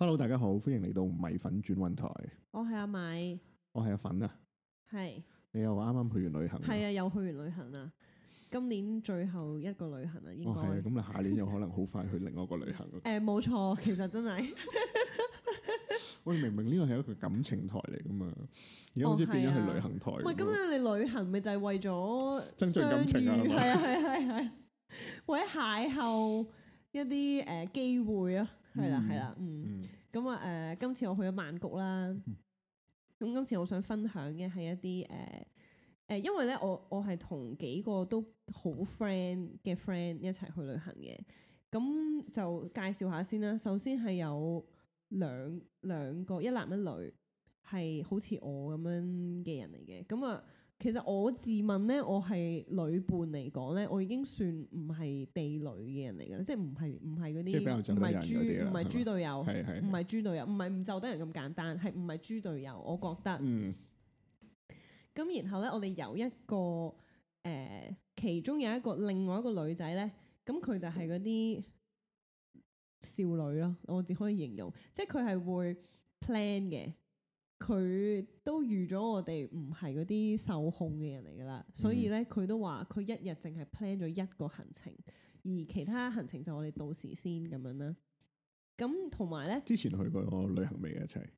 Hello，大家好，歡迎嚟到米粉轉運台。我係阿米，我係阿粉啊。係是你又啱啱去完旅行，啊，係啊，又去完旅行啊。今年最後一個旅行啊，應該係。咁你下年有可能好快去另外一個旅行。誒、 呃，冇錯，其實真係。我、 哎、明明呢個係一個感情台嚟噶嘛，而家好似變咗去旅行台。喂、哦、咁、啊、你旅行咪就係為咗增進感情啊？係啊，係係係，或者邂逅一啲誒機會咯。係啦，係啦，嗯，咁啊、嗯，誒、呃，今次我去咗曼谷啦，咁、嗯、今次我想分享嘅係一啲誒誒，因為咧，我我係同幾個都好 friend 嘅 friend 一齊去旅行嘅，咁就介紹下先啦。首先係有兩兩個一男一女，係好似我咁樣嘅人嚟嘅，咁啊。呃其實我自問咧，我係女伴嚟講咧，我已經算唔係地女嘅人嚟嘅啦，即係唔係唔係嗰啲唔係豬唔係豬隊友，唔係吧豬隊友，唔係唔就得人咁簡單，係唔係豬隊友？我覺得。咁、嗯、然後咧，我哋有一個誒、呃，其中有一個另外一個女仔咧，咁佢就係嗰啲少女咯，我只可以形容，即係佢係會 plan 嘅。佢都預咗我哋唔係嗰啲受控嘅人嚟噶啦，所以咧佢都話佢一日淨係 plan 咗一個行程，而其他行程就我哋到時先咁樣啦。咁同埋咧，之前去過旅行未一齊？誒呢、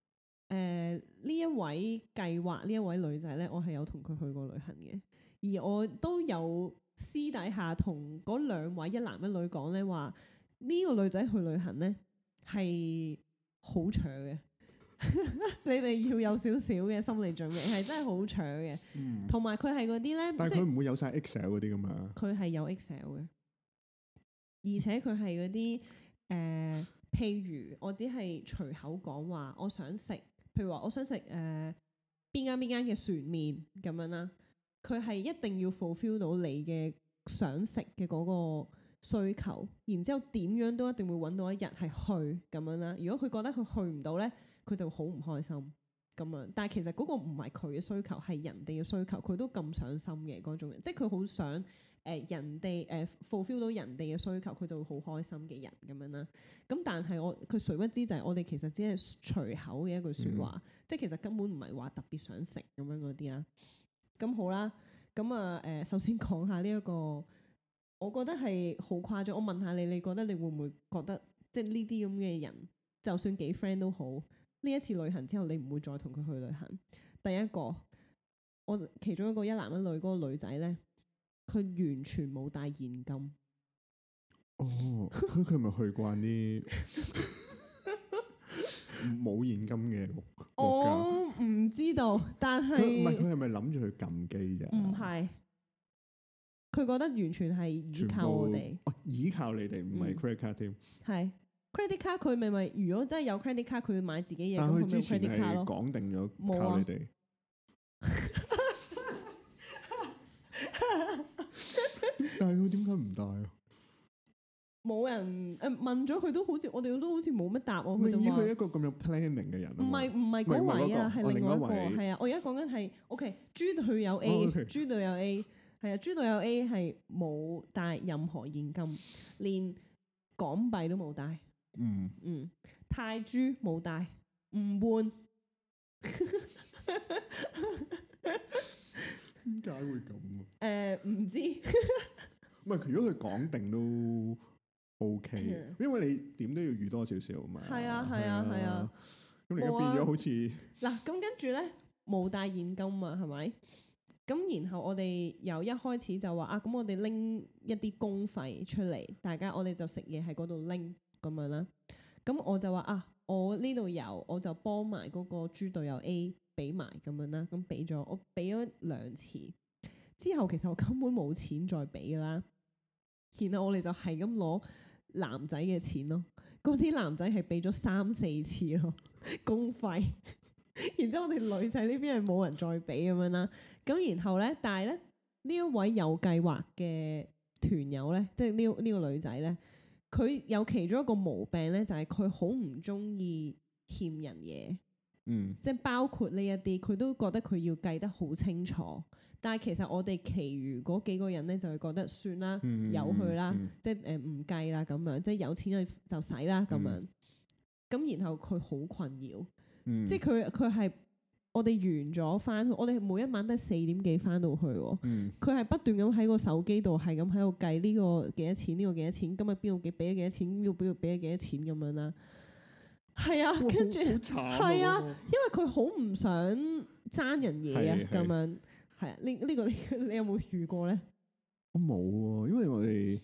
呃、一位計劃呢一位女仔咧，我係有同佢去過旅行嘅，而我都有私底下同嗰兩位一男一女講，咧話，呢個女仔去旅行咧係好搶嘅。 你哋要有少少嘅心理準備，係真係好搶嘅，同埋佢係嗰啲咧。但係佢唔會有晒 Excel 嗰啲㗎嘛？佢係是有 Excel 嘅， 而且佢係嗰啲誒，譬如我只係隨口講話，我想食，譬如話我想食誒邊間邊間嘅船麵咁樣啦，佢係一定要 fulfill 到你嘅想食嘅嗰個需求，然之後點樣都一定會揾到一日係去咁樣啦。如果佢覺得佢去唔到咧，佢就好唔開心咁樣，但係其實嗰個唔係佢嘅需求，係人哋嘅需求。佢都咁上心嘅嗰種人，即係佢好想誒、呃、人哋誒、呃、fulfill 到人哋嘅需求，佢就會好開心嘅人咁樣啦。咁但係我佢誰不知就係我哋其實只係隨口嘅一句説話，嗯、即係其實根本唔係話特別想食咁樣嗰啲啊。咁好啦，咁啊誒，首先講下呢、這、一個，我覺得係好誇張。我問下你，你覺得你會唔會覺得即係呢啲咁嘅人，就算幾 friend 都好。呢一次旅行之後，你唔會再同佢去旅行。第一個，我其中一個一男一女嗰個女仔咧，佢完全冇帶現金。哦，佢係咪去慣啲冇 現金嘅國家？我唔知道，但係唔係佢係咪諗住去撳機嘅？唔係，佢覺得完全係依靠我哋，哦，依靠你哋，唔係、嗯、credit card 添。係。Credit card，佢咪咪？如果真係有 credit card，佢會買自己嘢都冇 credit card 咯。講定咗，冇哋。但係佢點解唔帶啊？冇人誒，問咗佢都好似我哋都好似冇乜答佢，唔要佢一個咁有 planning 嘅人。唔係，唔係嗰位啊，係、那個、另外一個係啊。我而家講緊係，ok 豬到、哦 okay. 啊、有 A，豬到、啊、有 A 係啊，豬到有 A 係冇帶任何現金，連港幣都冇帶。嗯嗯，泰銖冇帶，唔換，點解會咁誒？唔、呃、知唔係，如果佢講定都 O K， 因為你點都要預多少少嘛。係啊，係啊，係啊。咁而家變咗好似嗱、啊，咁跟住咧冇帶現金啊，係咪？咁然後我哋由一開始就話啊，咁我哋拎一啲公費出嚟，大家我哋就食嘢喺嗰度拎。咁樣啦，咁我就話啊，我呢度有，我就幫埋嗰個豬隊友 A 俾埋，咁樣啦。咁俾咗，我俾咗兩次之後，其實我根本冇錢再俾㗎啦。然後我哋就係咁攞男仔嘅錢咯。嗰啲男仔係俾咗三四次咯，公費，然之後我哋女仔呢邊係冇人再俾咁樣啦。咁然後咧，但係咧呢一位有計劃嘅團友咧，即係呢呢個女仔咧。佢有其中一個毛病咧，就係佢好唔中意欠人嘢，即係、嗯、包括呢一啲，佢都覺得佢要計得好清楚。但係其實我哋其餘嗰幾個人咧，就會覺得算啦，由佢啦，即係誒唔計啦咁樣，即係有錢就使啦咁樣。咁、嗯、然後佢好困擾，嗯、即係佢佢係。我哋完咗翻去，我哋每一晚都係四點幾翻到去。佢係、嗯、不斷咁喺個手機度，係咁喺度計呢個幾多錢，呢、呢個幾多錢，今日邊度幾俾咗幾多錢，要俾俾咗幾多錢咁樣啦。係啊，好跟住著係啊，啊那個 因為佢好唔想爭人嘢是是 啊，咁樣係啊。呢呢、呢個你有冇遇過咧？我冇啊，因為我哋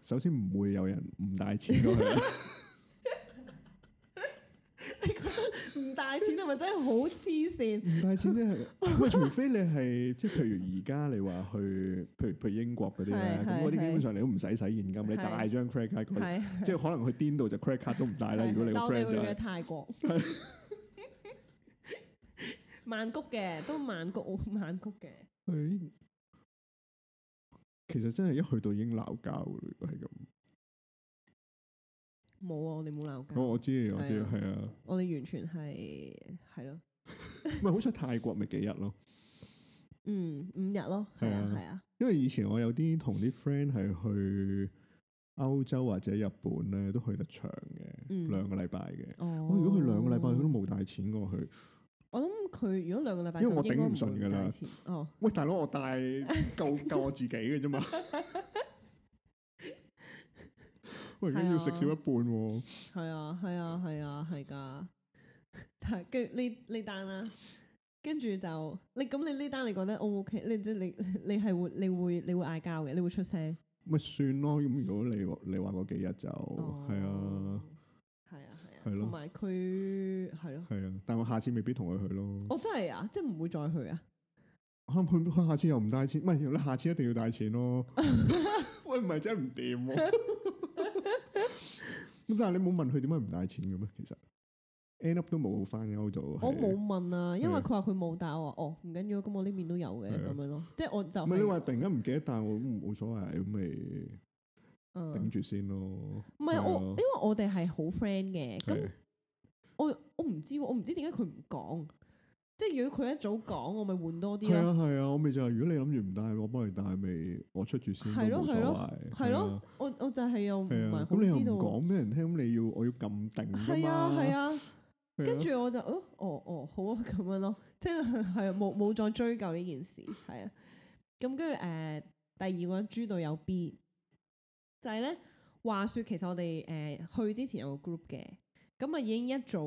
首先唔會有人唔帶錢 帶錢係咪真係好黐線？唔帶錢咧、就係，喂！ 除非你係即係譬如而家你話去，譬如譬如英國嗰啲咧，咁嗰啲基本上你都唔使使現金， 你帶張 credit card， 即係可能去癲到就 credit card 都唔帶啦。 如果你個 friend 去咗泰國， 曼谷嘅都曼谷，曼谷嘅。 其實真係一去到已經鬧交咯，如果係咁。.冇啊！我哋冇鬧交。我我知，我知，係啊。我哋完全係係咯。唔係，好彩泰國咪幾日咯？嗯，五日咯，係啊，係啊。因為以前我有啲同啲 friend 係去歐洲或者日本咧，都去得長嘅，兩個禮拜嘅。哦。我如果去兩個禮拜，佢都冇帶錢過去。我諗佢如果兩個禮拜，因為我頂唔順㗎啦。帶錢哦。喂，大佬，我帶夠夠我自己嘅啫嘛。咁要食少一半喎。係啊，係啊，係啊，係噶、啊。跟住呢呢單啦，跟住就你咁，你呢單你，你，你，你，你覺得 O 唔 O K？你即係你，你係會，你會，你會嗌交嘅，你會出聲。咪算咯，如果你你話嗰幾日就係、哦、啊，係啊，係咯、啊。同埋佢係咯，係啊，啊。但我下次未必同佢去咯。我、哦、真係啊，即係唔會再去啊。下次又唔帶錢，唔係你下次一定要帶錢咯。 喂，唔係真唔掂、啊。咁但係你冇問佢點解唔帶錢嘅咩？其實 end up 都冇返嘅歐洲。我冇問啊，的因為佢話佢冇帶，但我話哦，唔緊要，咁我呢邊都有嘅咁的樣咯，的即係我就是。唔係你話突然間唔記得帶，我冇所謂，咁咪嗯頂住先咯。唔係我，因為我哋係好 friend 嘅，咁的我我唔知，我唔知點解佢唔講。即係如果佢一早講，我咪換多啲。係啊係啊，我咪就係如果你諗住唔帶我，幫你帶咪我出住先。係咯係咯，係咯，我我就係又唔係好知道。咁你又唔講俾人聽，咁你要我要咁定噶嘛？係啊係啊，跟住我就哦哦哦，好啊咁樣咯，即係係冇冇再追究呢件事係啊。咁跟住誒，uh, 第二個豬隊友 B，就係咧。話說其實我哋誒、uh, 去之前有個 group 嘅。咁啊，已經一早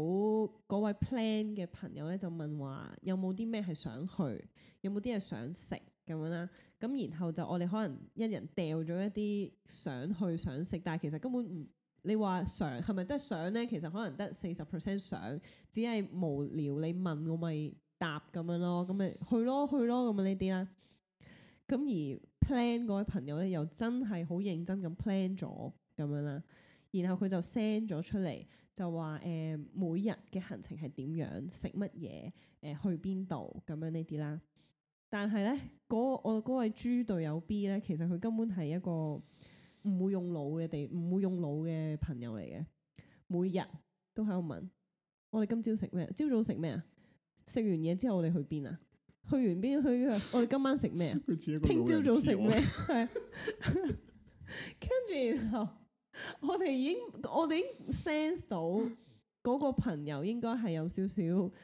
嗰位 plan 嘅朋友咧，就問話有冇啲咩係想去，有冇啲係想食咁樣啦。咁然後就我哋可能一人掉咗一啲想去、想食，但係其實根本唔，你話想係咪真係想咧？其實可能得四十 percent 想，只係無聊。你問我咪答咁樣咯。咁咪去咯，去咯咁樣呢啲啦。咁而 plan 嗰位朋友咧，又真係好認真咁 plan 咗咁樣啦。然後佢就 send 咗出嚟，就話誒、呃、每日嘅行程係點樣，食乜嘢，誒、呃、去邊度咁樣呢啲啦。但係咧，嗰、那個、我嗰位豬隊友 B 咧，其實佢根本係一個唔會用腦嘅地，唔會用腦嘅朋友嚟嘅。每日都喺度問我哋今朝食咩？朝早食咩啊？食完嘢之後我哋去邊啊？去完邊去？我哋今晚食咩？ 聽朝早食咩？跟住 然後。我哋已經，我哋已經 sense 到嗰個朋友應該係有少少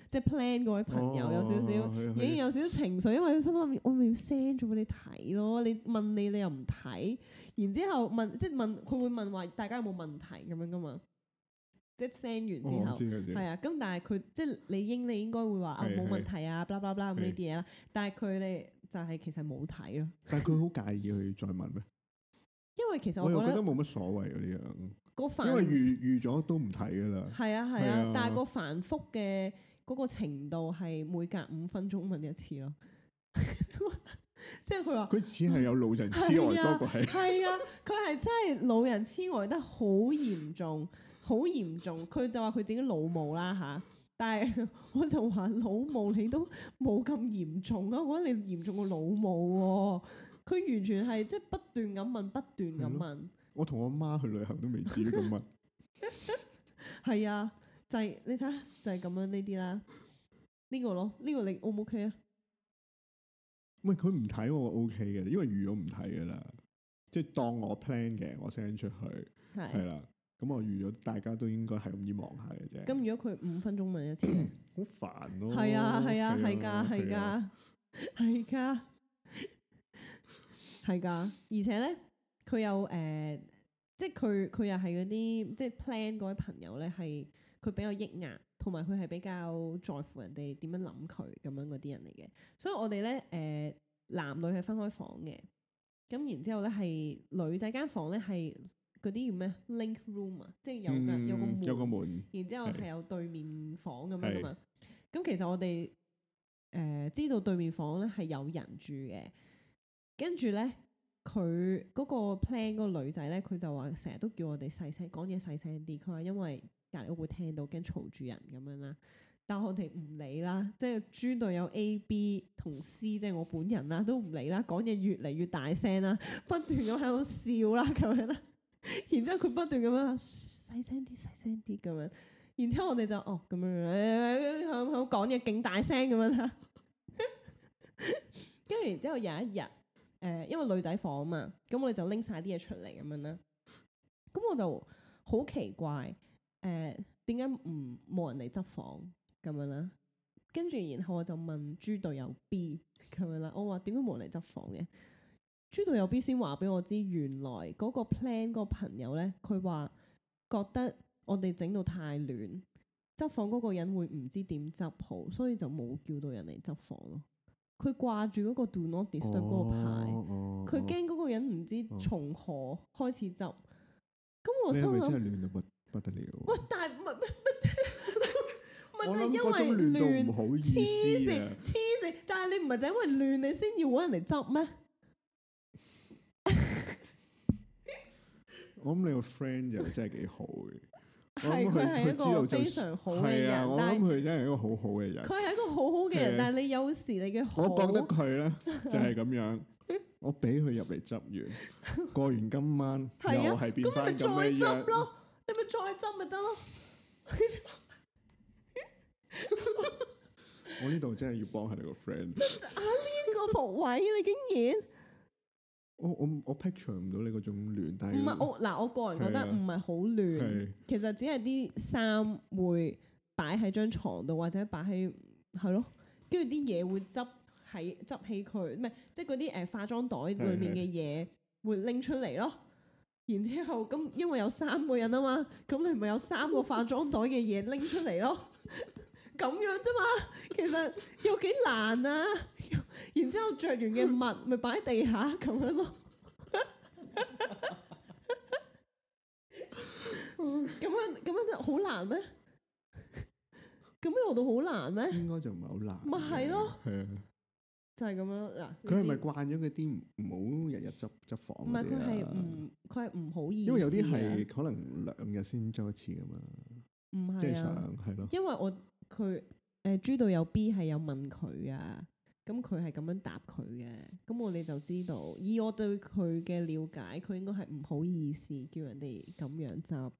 即係 plan 嗰位朋友有少少、哦、已經有少少情緒，因為佢心諗我咪要 send 咗俾你睇咯。你問你你又唔睇，然之後問即係問佢會問話大家有冇問題咁樣㗎嘛？即係 send 完之後係、哦、啊，咁、啊、但係佢即係你應你應該會話啊冇問題啊，blah blah blah 咁呢啲嘢啦。但係佢咧就係其實冇睇咯。是但係佢好介意去再問咩？ 因為其實我覺得冇乜所謂嘅呢樣，因為預預咗都唔睇噶啦。係啊係啊，啊啊但係個繁複嘅嗰個程度係每隔五分鐘問一次咯。即係佢話佢似係有老人痴呆多過係，係啊，佢係、啊、真係老人痴呆得好嚴重，好嚴重。佢就話佢自己老母啦吓，但係我就話老母你都冇咁嚴重，覺得嚴重啊，我話你嚴重過老母喎。佢完全係即係不斷咁問，不斷咁問。我同我媽去旅行都未至於咁問。係啊，就係你睇下，就係咁樣呢啲啦。呢個咯，呢個你 O 唔 OK 啊？唔係佢唔睇我 OK 嘅，因為預咗唔睇嘅啦。即係當我 plan 嘅，我 send 出去係係啦。咁的我預咗大家都應該係咁樣忙下嘅啫。咁如果佢五分鐘問一次，好 煩咯。係啊，係啊，係㗎，係㗎，係㗎。係噶，而且咧，佢有誒、呃，即係佢佢又係嗰啲即係 plan 嗰位朋友咧，係佢比較抑壓，同埋佢係比較在乎人哋點樣諗佢咁樣嗰啲人嚟嘅。所以我哋咧誒，男女係分開房嘅。咁然之後咧，係女仔間房咧係嗰啲叫咩 link room 啊，即係有個、嗯、有個門，有個門然之後係有對面房咁是的 樣噶嘛。咁是的 其實我哋誒、呃、知道對面房咧係有人住嘅。跟住咧，佢嗰個 plan 嗰個女仔咧，佢就話成日都叫我哋細聲，講嘢細聲啲。佢話因為隔籬屋會聽到，驚嘈住人咁樣啦。但我哋唔理啦，即係組隊有 A、B 同 C，即係我本人啦，都唔理啦。講嘢越嚟越大聲啦，不斷咁喺度笑啦，咁樣啦。然之後佢不斷咁樣細聲啲，細聲啲咁樣。然之後我哋就哦咁樣樣，好好講嘢，勁大聲咁樣啦。跟住然之後有一日。誒，因為女仔房啊嘛，咁我哋就拎晒啲嘢出嚟咁樣啦。咁我就好奇怪，誒，點解唔冇人嚟執房咁樣啦？跟住然後我就問豬隊友 B 咁樣啦，我話點解冇人嚟執房嘅？豬隊友 B 先話俾我知，原來嗰個 plan 嗰個朋友咧，佢話覺得我哋整到太亂，執房嗰個人會唔知點執好，所以就冇叫到人嚟執房咯。佢掛住嗰個 do not disturb 嗰個牌，佢驚嗰個人唔知從何開始執，咁、哦、我心諗，你係咪真係亂到不得了？哇！但係唔係唔係唔係，就因為亂我諗嗰種亂到唔好意思、啊，黐線黐線，但係你唔係就係因為亂 你先要搵人嚟執咩？我諗你個 friend 就真係幾好嘅。咁佢佢知道就係啊！是我諗佢真係一個好好嘅人。佢係一個好好嘅人，啊、但係你有時你嘅好，我覺得佢咧，就係咁樣。我俾佢入嚟執完，過完今晚、 啊、又係變翻咁嘅樣。咪再執咯？你咪再執咪得咯？ 我呢度真係要幫下你個 friend。 啊！呢、呢個莫偉你竟然～我我我 picture 唔到你嗰種亂，但係唔係我嗱？我個人覺得唔係好亂，係啊、其實只係啲衫會擺喺張床度，或者擺喺係咯，跟住啲嘢會執喺執起佢，唔係即係嗰啲誒化妝袋裡面嘅嘢會拎出嚟咯。係係然之後咁，因為有三個人啊嘛，咁你咪有三個化妝袋嘅嘢拎出嚟咯。咁 樣啫嘛，其實有幾難啊？然之後着完嘅襪咪擺喺地下咁樣咯，咁、 嗯、樣咁樣就好難咩？咁 樣做到好難咩？應該、啊、就唔係好難。咪係咯。係 啊，就係咁樣嗱。佢係咪慣咗嗰啲唔好日日執執房、啊？唔係佢係唔佢係唔好意思。因為有啲係可能兩日先執一次噶嘛。唔係啊，係咯。因為我佢誒朱導有 B 係有問佢啊。咁佢係咁樣答佢嘅，咁我哋就知道，以我對佢嘅了解，佢應該係唔好意思叫人哋咁樣執，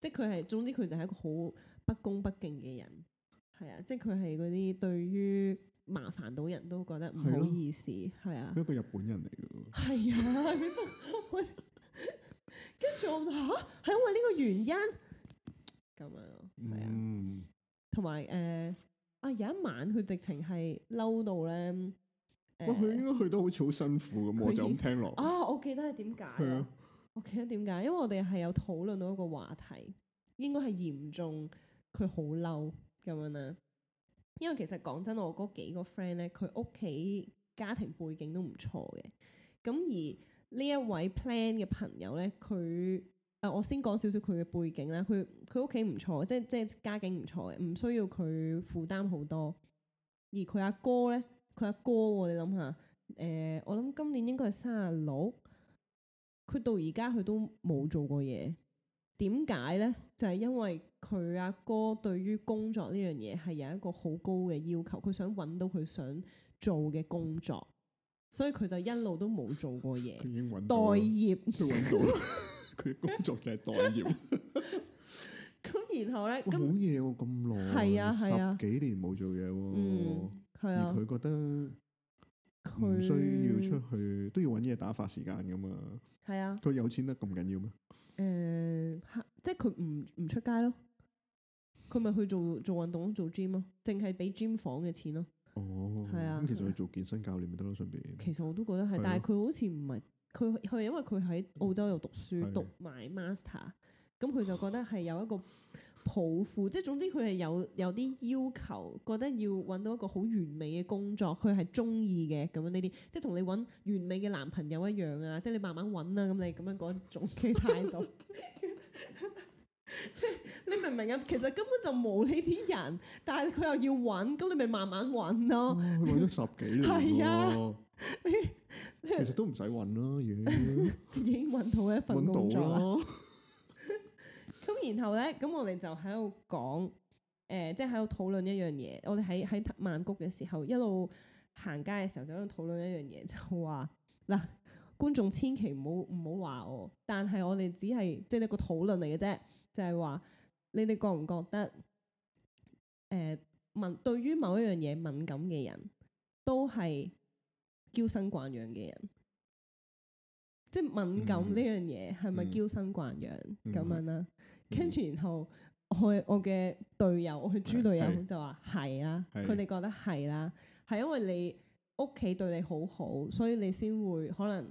即係佢係，總之佢就係一個好不恭不敬嘅人，係啊，即係佢係嗰啲對於麻煩到人都覺得唔好意思，係啊。佢一個日本人嚟嘅，係啊，跟住 我就吓，係、啊、因為呢個原因咁啊，係啊，同埋誒。有一晚佢直情係嬲到咧，佢哇、呃、應該去得好似好辛苦咁，已我就咁聽落。啊！我記得係點解？是啊、我記得點解？因為我哋係有討論到一個話題，應該係嚴重，佢好嬲咁樣啦。因為其實講真，我嗰幾個 friend 咧，佢屋企家庭背景都唔錯嘅。咁而呢一位 plan 嘅朋友咧，佢。我先講少少佢嘅背景啦，佢佢屋企唔錯，即係即係家境唔錯嘅，唔需要佢負擔好多。而佢阿哥咧，佢阿哥、哦，你諗下，誒、呃，我諗今年應該係卅六，佢到而家佢都冇做過嘢，點解咧？就係、是、因為佢阿哥對於工作呢樣嘢係有一個好高嘅要求，佢想搵到佢想做嘅工作，所以佢就一路都冇做過嘢，到待業。 佢工作就係待業，咁然後咧，冇嘢喎咁耐，係啊係啊，幾年冇做嘢喎，係啊。而佢覺得佢唔需要出去，都要揾嘢打發時間噶嘛，係啊。佢有錢得咁緊要咩？誒，即係佢唔唔出街咯，佢咪去做做運動咯，做 gym 咯，淨係俾 gym 房嘅錢咯。哦，係啊。咁其實佢做健身教練咪得咯，順便。其實我都覺得係，但係佢好似唔係。佢佢因為佢喺澳洲度讀書，讀埋 master，咁佢就覺得係有一個抱負，即係總之佢係有有啲要求，覺得要揾到一個好完美嘅工作，佢係中意嘅，咁樣呢啲，即係同你揾完美嘅男朋友一樣啊，即係你慢慢揾啊，咁你咁樣嗰種嘅態度， 唔明啊？其實根本就冇呢啲人，但係佢又要揾，咁你咪慢慢揾咯。佢揾咗十幾年喎。係啊，其實都唔使揾啦，yeah, 已經已經揾到一份工作啦。咁 然後咧，咁我哋就喺度講，誒、呃，即係喺度討論一樣嘢。我哋喺喺曼谷嘅時候，一路行街嘅時候就喺度討論一樣嘢，就話嗱，觀眾千祈唔好唔好話我，但係我哋只係即係一個討論嚟嘅啫，就係、是、話。你哋覺唔覺得誒敏、呃、對於某一樣嘢敏感嘅人都係嬌生慣養嘅人？即係敏感呢樣嘢係咪嬌生慣養咁樣啦、啊？跟住、嗯、然後、嗯、我我嘅隊友，我嘅豬隊友就話係是啊，佢哋、啊、覺得係啦、啊，係因為你屋企對你好好，所以你先會可能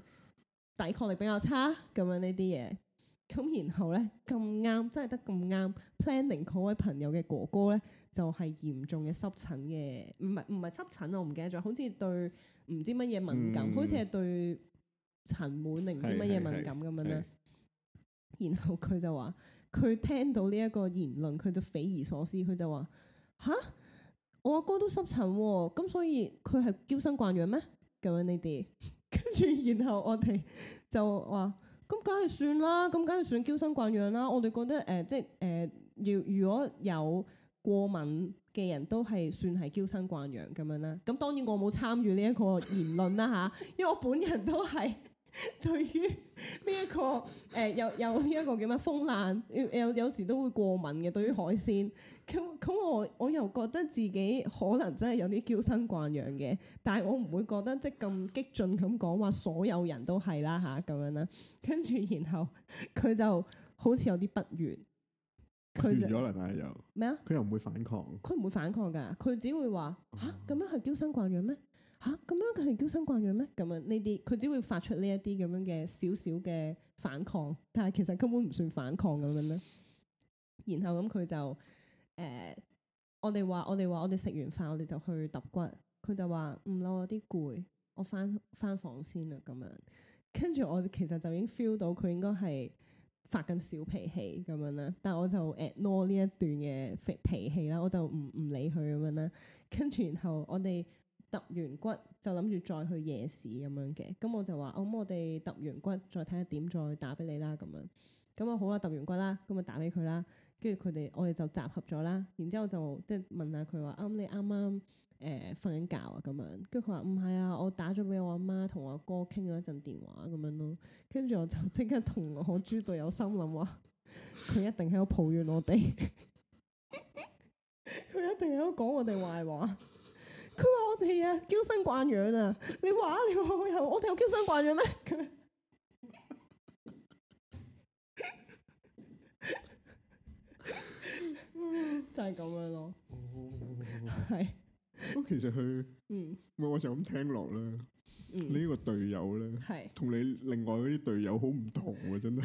抵抗力比較差咁樣呢啲嘢。咁然後咧，咁啱，真係得咁啱。Planning 嗰位朋友嘅哥哥咧，就係、是、嚴重嘅濕疹嘅，唔係唔係濕疹，我唔記得咗，好似對唔知乜嘢敏感，嗯、好似係對塵蟎定唔知乜嘢敏感咁樣啦。嗯、然後佢就話：佢聽到呢一個言論，佢就匪夷所思，佢就話：吓？我阿哥都濕疹喎，咁、啊、所以佢係嬌生慣養咩？咁樣你哋，跟住然後我哋就話。咁梗係算啦，咁梗係算嬌生慣養啦。我哋覺得誒、呃，即係誒，如、呃、如果有過敏嘅人都係算係嬌生慣養咁樣啦。咁當然我冇參與呢一個言論啦嚇， 因為我本人都係。 對於呢、這、一個誒、欸，有有呢一個叫咩風癩，有、這個、有有時都會過敏嘅。對於海鮮，咁咁我我又覺得自己可能真係有啲嬌生慣養嘅，但係我唔會覺得即係咁激進咁講話所有人都係啦吓，咁樣啦。跟、啊、住然後佢就好似有啲不悅，完咗了啦，但係又咩啊？佢又唔會反抗，佢唔會反抗㗎，佢只會話吓，咁樣係嬌生慣養咩？嚇咁、啊、樣佢係嬌生慣養咩？咁啊呢啲佢只會發出呢一啲咁樣嘅小小嘅反抗，但係其實根本唔算反抗咁樣咧。然後咁佢就誒、呃，我哋話我哋話我哋食完飯我哋就去揼骨，佢就話唔、嗯，我有啲攰，我返返房先啦咁樣。跟住我其實就已經 feel 到佢應該係發緊小脾氣咁樣啦，但我就 at no 呢一段嘅脾氣啦，我就唔唔理佢咁樣啦。跟住然後我哋。揼完骨就諗住再去夜市咁樣嘅，咁我就話，咁、哦、我哋揼完骨再睇下點再打俾你啦咁樣，咁啊好啦，揼完骨啦，咁啊打俾佢啦，跟住佢哋我哋就集合咗啦，然之後就即係問下佢話，啱、嗯、你啱啱誒瞓緊覺啊咁樣。跟住佢話唔係啊，我打咗俾我阿媽同我阿哥傾咗一陣電話咁樣咯，跟住我就即刻同我豬隊友心諗話，佢一定喺度抱怨我哋，佢 一定喺度講我哋壞話。佢話我哋啊嬌生慣養啊！你話、啊、你話我哋有嬌生慣養咩？咁樣，就係咁樣咯，係。其實佢，嗯，我就咁聽落啦。嗯、你呢個隊友咧，係同是你另外嗰啲隊友好唔同嘅，真係。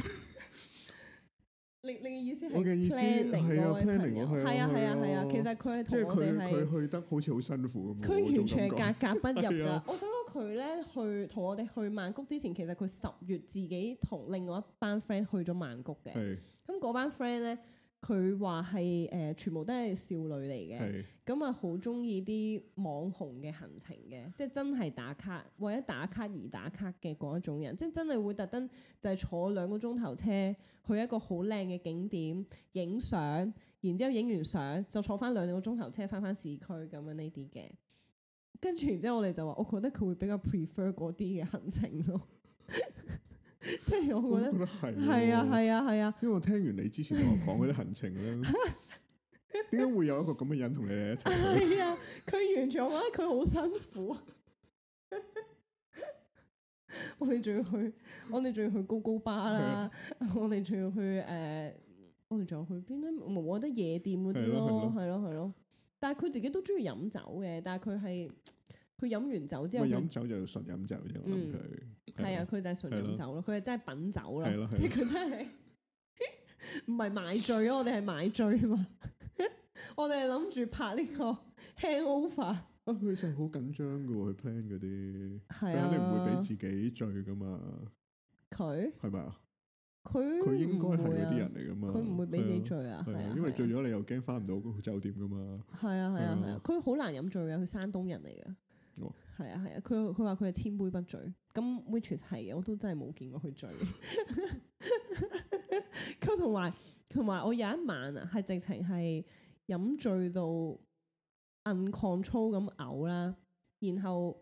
你你嘅意思係 plan 嚟，係啊 plan 嚟，我去嘅。係啊係啊係啊，其實佢係同我哋係。即係佢佢去得好似好辛苦咁。佢完全係格格不入噶。我想講佢咧去同我哋去曼谷之前，其實佢十月自己同另外一班 friend 去咗曼谷嘅。係。咁嗰班 friend 咧。佢話係誒全部都係少女嚟嘅，咁啊好中意啲網紅嘅行程嘅，即係真係打卡，為咗打卡而打卡嘅嗰一種人，即係真係會特登就係坐兩個鐘頭車去一個好靚嘅景點影相，然之後影完相就坐翻兩個鐘頭車翻翻市區咁樣呢啲嘅，跟住然之後我哋就話，我覺得佢會比較 prefer 嗰啲嘅行程咯。 即係我覺得係啊係啊係啊，因為我聽完你之前同我講嗰啲行程咧，點解 會有一個咁嘅人同你哋一齊？係啊， 佢完全我覺得佢好辛苦啊！ 我哋仲要去，我哋仲要去高高巴啦，呀我哋仲要去誒、呃，我哋仲要去邊咧？我覺得夜店嗰啲咯，係咯係咯。但係佢自己都中意飲酒嘅，但係佢係。佢飲完酒之後飲酒就純飲酒啫，我諗佢係啊，佢就係純飲酒咯，佢係真係品酒啦。佢真係唔係買醉咯，我哋係買醉嘛。我哋係諗住拍呢個 handover。啊，佢成日好緊張噶喎，plan 嗰啲，但你唔會俾自己醉噶嘛。佢係咪啊？佢佢應該係嗰啲人嚟噶嘛。佢唔會俾自己醉啊，係因為醉咗你又驚翻唔到酒店噶嘛。係啊係啊係啊，佢好難飲醉嘅，佢山東人嚟嘅。係啊係啊，佢佢話佢係千杯不醉，咁 which is 係嘅，我都真係冇見過佢醉。 佢同埋同埋，我有一晚啊，係直情係飲醉到 uncontrol 咁嘔啦。然後誒、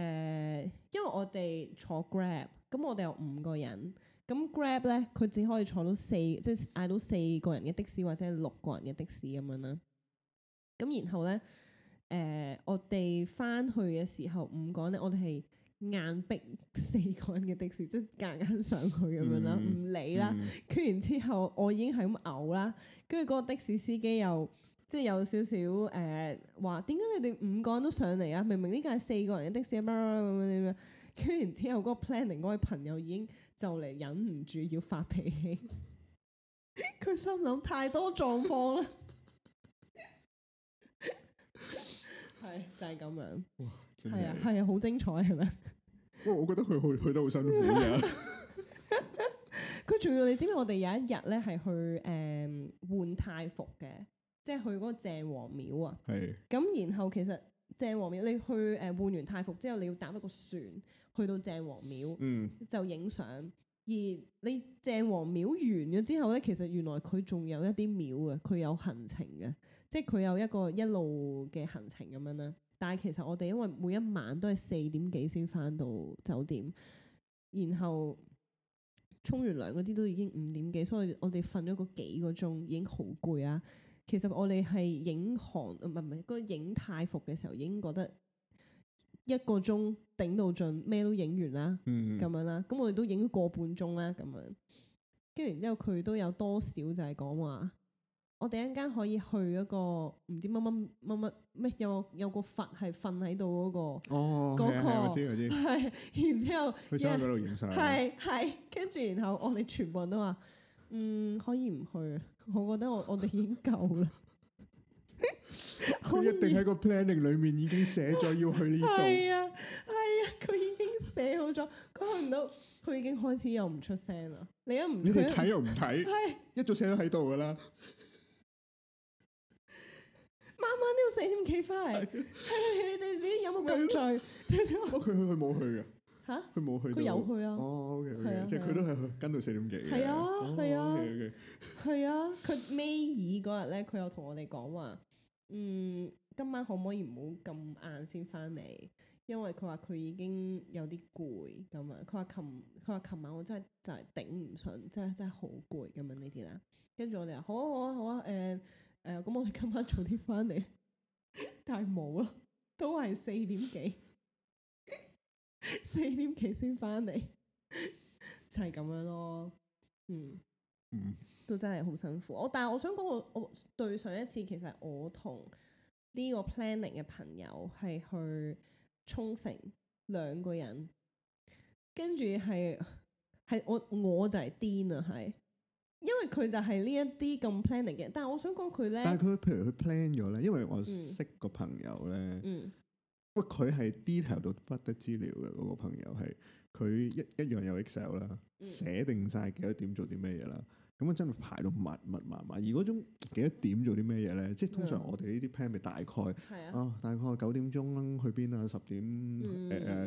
呃，因為我哋坐 Grab，咁我哋有五個人，咁 Grab 咧佢只可以坐到四，即係嗌到四個人嘅的，的士或者係六個人嘅的，的士咁樣啦。咁然後咧。誒、呃，我哋翻去嘅時候五個人咧，我哋係硬逼四個人嘅的，的士，即係夾硬，硬上去咁樣啦，唔、嗯、理啦。跟住、嗯、之後，我已經係咁嘔啦。跟住嗰個的士司機又即係有少少誒話，點、呃、解你哋五個人都上嚟啊？明明呢架四個人嘅的，的士咁樣點樣？跟住之後，嗰個 planning 嗰位朋友已經就嚟忍唔住要發脾氣，佢 心諗太多狀況啦。 係就係、是、咁樣，係啊係啊，好、啊、精彩係咪？不過哇、哦！我覺得佢去去得好辛苦啊。 佢仲要你知唔知？我哋有一日咧係去誒換、呃、泰服嘅，即係去嗰個鄭王廟啊。係是。咁然後其實鄭王廟你去誒換完泰服之後，你要搭一個船去到鄭王廟。嗯。就影相，而你鄭王廟完咗之後咧，其實原來佢仲有一啲廟嘅，佢有行程嘅。即係佢有一個一路嘅行程咁樣啦，但係其實我哋因為每一晚都係四點幾先翻到酒店，然後沖完涼嗰啲都已經五點幾，所以我哋瞓咗個幾個鐘已經好攰啦。其實我哋係影韓唔係唔係嗰影泰服嘅時候已經覺得一個鐘頂到盡，咩都影完啦，嗯嗯、咁樣啦。咁我哋都影咗個半鐘啦，咁樣。跟住然之後佢都有多少就係講話。我哋一間可以去一個唔知乜乜乜乜咩有有個佛係瞓喺度嗰個，哦，嗰、嗰個係，係，我知我知，係，然之後佢坐喺嗰度影相，係係，跟住然後我哋全部人都話，嗯，可以唔去我覺得我我哋已經夠啦，佢 以一定喺個 planning 裏面已經寫咗要去呢度，係啊係啊，佢已經寫好咗，佢唔到，佢已經開始又唔出聲啦，聲你一唔，你佢睇又唔睇，係，一早寫咗喺度噶啦。晚晚都要四點幾翻嚟， 你哋自己有冇咁醉？佢佢冇去㗎，嚇、啊，佢冇去，佢有去啊。哦，OK, okay、啊、即係佢都係去跟到四點幾嘅。係啊係啊，係、哦 okay, okay、啊！佢、 啊、尾二嗰日咧，佢又同我哋講話，嗯，今晚可唔可以唔好咁晏先翻嚟？因為佢話佢已經有啲攰咁啊。佢話琴佢話琴晚我真係就係頂唔順，真係真係好攰咁樣呢啲啦。跟住我哋話，好啊，好啊，好啊誒。呃誒，咁、哎、我哋今晚早啲翻嚟，但係冇咯，都係四點幾，四點幾先翻嚟，就係、是、咁樣咯。嗯嗯，都真係好辛苦。我但係我想講我我對上一次其實我同呢個 planning 嘅朋友係去沖繩兩個人，跟住係係我我就係癲啊，係。因為佢就係呢一啲咁 plan 嚟嘅，但係我想講佢咧，但係佢譬如佢 plan 咗咧，因為我識個朋友咧，喂佢係 detail 到不得之了嘅嗰個朋友係，佢一一樣有 Excel 啦，寫定晒幾多點做啲咩嘢啦，咁啊、嗯、真係排到密密麻麻，而嗰種幾多點做啲咩嘢咧，嗯、即係通常我哋呢啲 plan 咪大概，啊、嗯哦、大概九點鐘去邊、嗯呃、啊，十點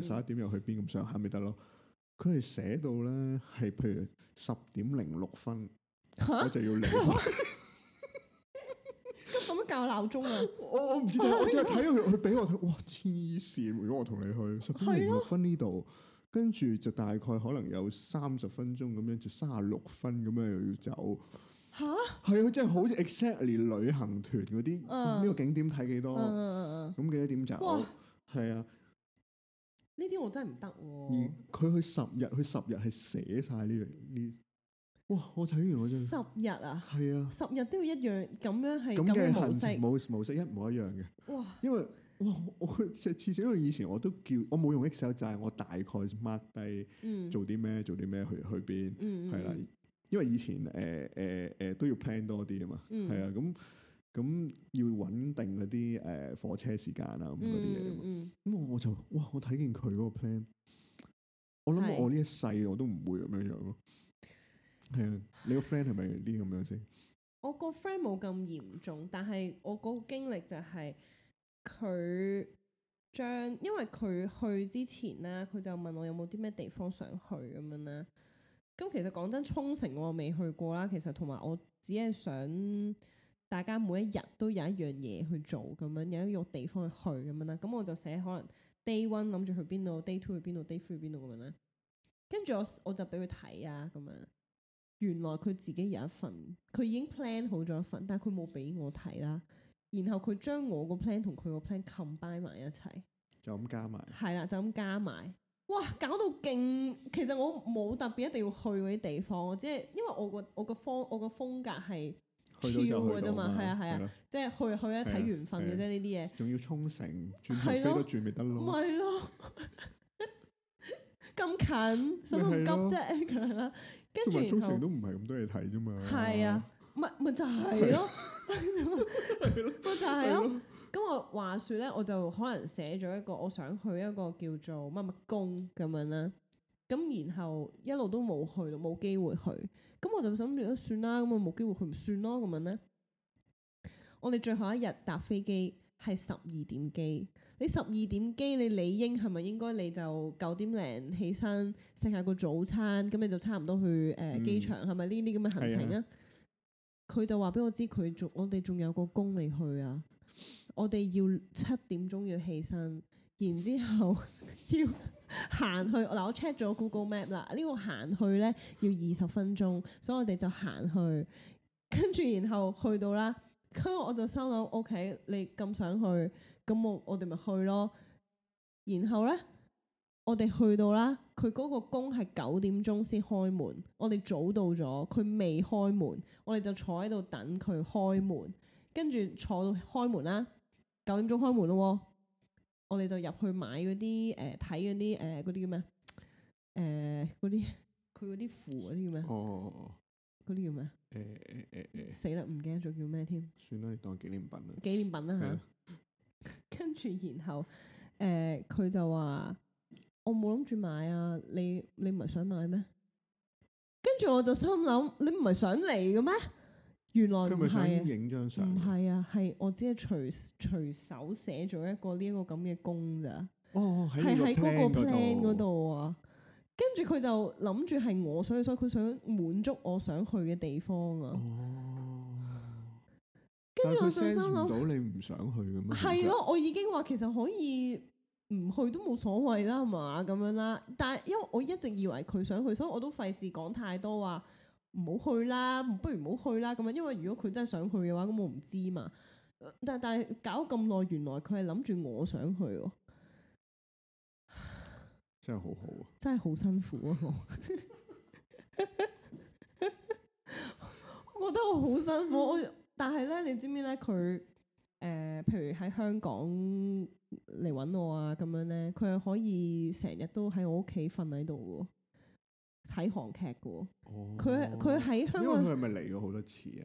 誒誒十一點又去邊咁上下咪得咯，佢係寫到咧係譬如十點零六分。我就要離開。咁做乜教鬧鐘啊？我我唔知，我淨係睇佢佢俾我，睇。哇黐線！如果我同你去，十點零六分呢度，啊、跟住就大概可能有三十分鐘咁樣，就三十六分咁樣又要走。吓？係啊，佢真係好似 exactly 旅行團嗰啲呢個景點睇、uh, uh, 嗯、幾多，咁幾多點走？係啊。呢啲我真係唔得。而佢、嗯、去十日，佢十日係寫晒呢樣呢？哇！我睇完我真十日啊，係啊，十日都要一樣咁樣係咁嘅模式，模式一模一樣嘅哇。哇！因為哇，我即係至少因為以前我都叫我冇用 Excel，就係我大概 mark 低做啲咩，做啲咩去去邊係啦。因為以前誒誒誒都要 plan 多啲啊嘛，係啊，咁、嗯、咁、嗯嗯嗯、要穩定嗰啲誒火車時間啊，咁嗰啲嘢啊，咁我就哇！我睇見佢嗰個 plan，我諗我呢一世我都唔會咁樣樣咯。係啊，你個 friend 係咪啲咁樣先？我個 friend 冇咁嚴重，但係我個經歷就係佢將，因為佢去之前啦，佢就問我有冇啲咩地方想去咁樣啦。咁其實講真，沖繩我未去過啦。其實同埋我，我只係想大家每一日都有一樣嘢去做，咁樣有一個地方去去咁樣啦。咁我就寫可能 day one 諗住去邊度，day two 去邊度，day three 去邊度咁樣啦。跟住我我就俾佢睇啊，咁樣。原來佢自己有一份，佢已經 plan 好咗一份，但係佢冇俾我睇啦。然後佢將我個 plan 同佢個 plan combine 埋一齊，就咁加埋。係啦，就咁加埋。哇，搞到勁！其實我冇特別一定要去嗰啲地方，即係因為我個我個風我個風格係 chill 嘅啫嘛。係啊係啊，即係去去睇緣分嘅啫呢啲嘢。仲要沖繩轉飛都轉咪得咯。係咯，咁近，使乜咁急啫？跟住，通常都唔係咁多嘢睇啫嘛。係啊，咪咪就係咯，咪就係咯。咁我話說咧，我就可能寫咗一個，我想去一個叫做乜乜宮咁樣啦。咁然後一路都冇去，冇機會去。咁我就諗住，都算啦。咁我冇機會去，唔算咯。咁樣咧，我哋最後一日搭飛機係十二點機。你十二點機，你理應係咪應該你就九點零起身食下個早餐，咁你就差唔多去誒機場，係咪呢啲咁嘅行程是啊？佢就話俾我知，佢仲我哋仲有個工未去啊！我哋要七點鐘要起身，然之後 要行去嗱，我 check 咗 Google Map 嗱，呢、這個行去咧要二十分鐘，所以我哋就行去，跟住然後去到啦，咁我就收樓，OK，你咁想去。咁我我哋咪去咯，然後咧我哋去到啦，佢嗰個宮係九點鐘先開門，我哋早到咗，佢未開門，我哋就坐喺度等佢開門，跟住坐到開門啦，九點鐘開門咯，我哋就入去買嗰啲誒睇嗰啲誒嗰啲叫咩誒嗰啲佢嗰啲符嗰啲叫咩？哦哦哦，嗰啲叫咩？誒誒誒誒，死啦，唔記得咗叫咩添？算啦，你當紀念品啦，紀念品啦吓。跟住然後，誒、呃，佢就話我冇諗住買啊，你你唔係想買咩？跟住我就心諗，你唔係想嚟嘅咩？原來佢咪想影張相？唔係啊，係、啊、我只係隨隨手寫咗一個呢一個咁嘅工咋。哦，喺喺嗰個 plan 嗰度啊。跟住佢就諗住係我，所以所以佢想滿足我想去嘅地方啊。哦。跟住我心諗到你唔想去咁樣，係咯的，想我已經話其實可以唔去都冇所謂啦，係嘛咁樣啦。但係因為我一直以為佢想去，所以我都費事講太多話唔好去啦，不如唔好去啦咁樣。因為如果佢真係想去嘅話，咁我唔知嘛。但係但係搞咁耐，原來佢係諗住我想去，真係好好啊！真係好辛苦啊！我， 我覺得我好辛苦。 但係咧，你知唔知咧？佢誒、呃，譬如喺香港嚟揾我啊，咁樣咧，佢係可以成日都喺我屋企瞓喺度嘅，睇韓劇嘅。哦，佢佢喺香港。因為佢係咪嚟過好多次啊？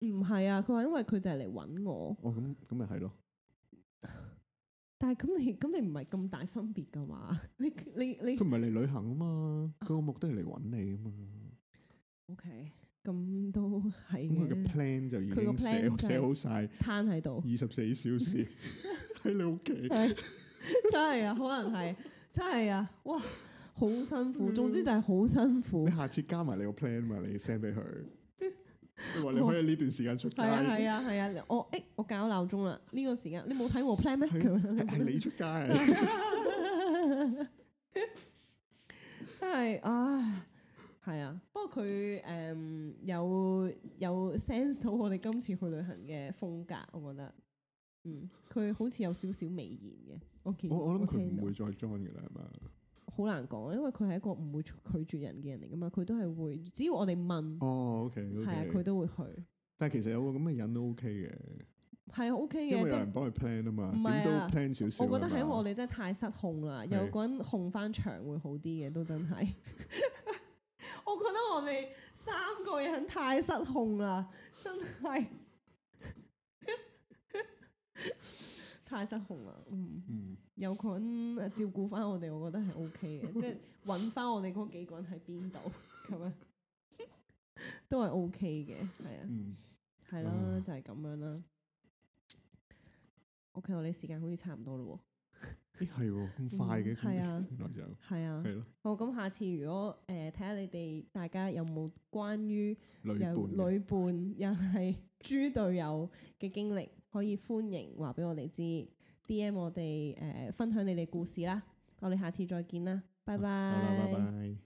唔係啊，佢話因為佢就係嚟揾我。哦，咁咁咪係咯。 但係咁你咁你唔係咁大分別嘅嘛？ 你你你，佢唔係嚟旅行啊嘛，佢個、啊、目的係嚟揾你啊嘛。OK。咁都係佢個 plan 就已經寫寫好晒，攤喺度二十四小時喺 你屋企， 真係啊，可能係真係啊，哇，好辛苦，嗯、總之就係好辛苦。你下次加埋你個 plan 嘛，你 send 俾佢， 你話你可以呢段時間出街，係 啊係啊係啊，啊，啊，我誒、欸、我搞鬧鐘啦，呢、呢個時間你冇睇我 plan 咩？係、 啊、你出街， 真係啊！唉係啊，不過佢誒、um, 有有 sense 到我哋今次去旅行嘅風格，我覺得，嗯，佢好似有少少微言嘅，我見、哦。我我諗佢唔會再 join 嘅啦，係嘛？好難講，因為佢係一個唔會拒絕人嘅人嚟㗎嘛，佢都係會，只要我哋問。哦 o k o 係啊，佢都會去。但係其實有個咁嘅人都、啊、OK 嘅，係 OK 嘅。因為有人幫佢 plan 啊嘛，點、啊、都 plan 少少。我覺得因喺我哋真係太失控啦，啊、吧有個人控翻場會好啲嘅，都真係。 我覺得我哋三個人太失控啦，真係 太失控啦。嗯，嗯有個人照顧翻我哋，我覺得係 O K 嘅， 即係揾翻我哋嗰幾個人喺邊度咁樣，都係 O K 嘅，係啊啦，係咯、嗯，就係咁樣啦。O、OK, K，我哋時間好似差唔多咯喎。咦係喎，咁、欸、快嘅佢，嗯、 原來係就啊，係咯的，的好咁，下次如果誒睇下你哋大家有冇關於旅伴、旅伴，旅伴又係豬隊友嘅經歷，可以歡迎話俾我哋知，DM 我哋誒、呃、分享你哋故事啦，我哋下次再見啦，拜拜。啊。